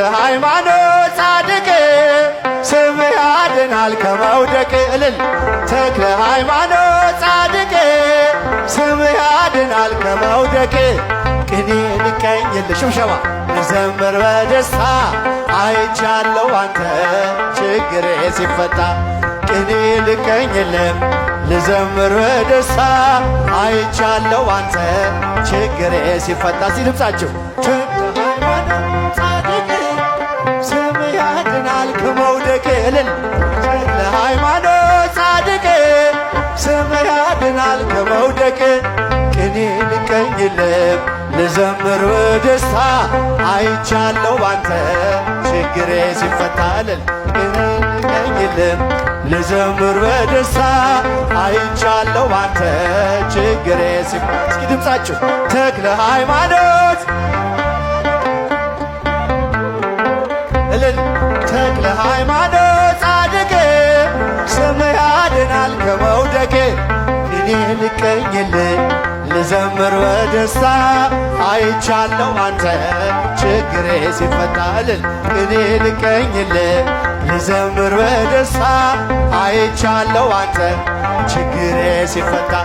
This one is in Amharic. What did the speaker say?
በሃይማኖት ጻድቅ ስም ያድናል ከመውደቅ እልል ተክለ ሃይማኖት ጻድቅ ስም ያድናል ከመውደቅ ቅኔ ንቀኝል ሽብሸባ ዘምር በደስታ አይቻለው አንተ ችግሬ ሲፈታ ቅኔ ልቀኝልም ልዘምር በደስታ አይቻለው አንተ ችግሬ ሲፈታ ሲልብጻችሁ እልል ለሃይማኖት ጻድቅ ስም ያድናል ከመውደቅ ቅኔ ልቀኝልም ልዘምር በደስታ አይቻለው ባንተ ችግሬ ሲፈታ እልል ቅኔ ልቀኝልም ልዘምር በደስታ አይቻለው ባንተ ችግሬ ሲፈታ እስኪ ድምፃችሁ ተክለ ሃይማኖት እልል ተክለ ሃይማኖት ያድናል ከመውደቄ እኔ ልቀኝል ልዘምር በደስታ አይቻለው አንተ ችግሬ ሲፈታልን እኔ ልቀኝልን ልዘምር በደስታ አይቻለው አንተ ችግሬ ሲፈታ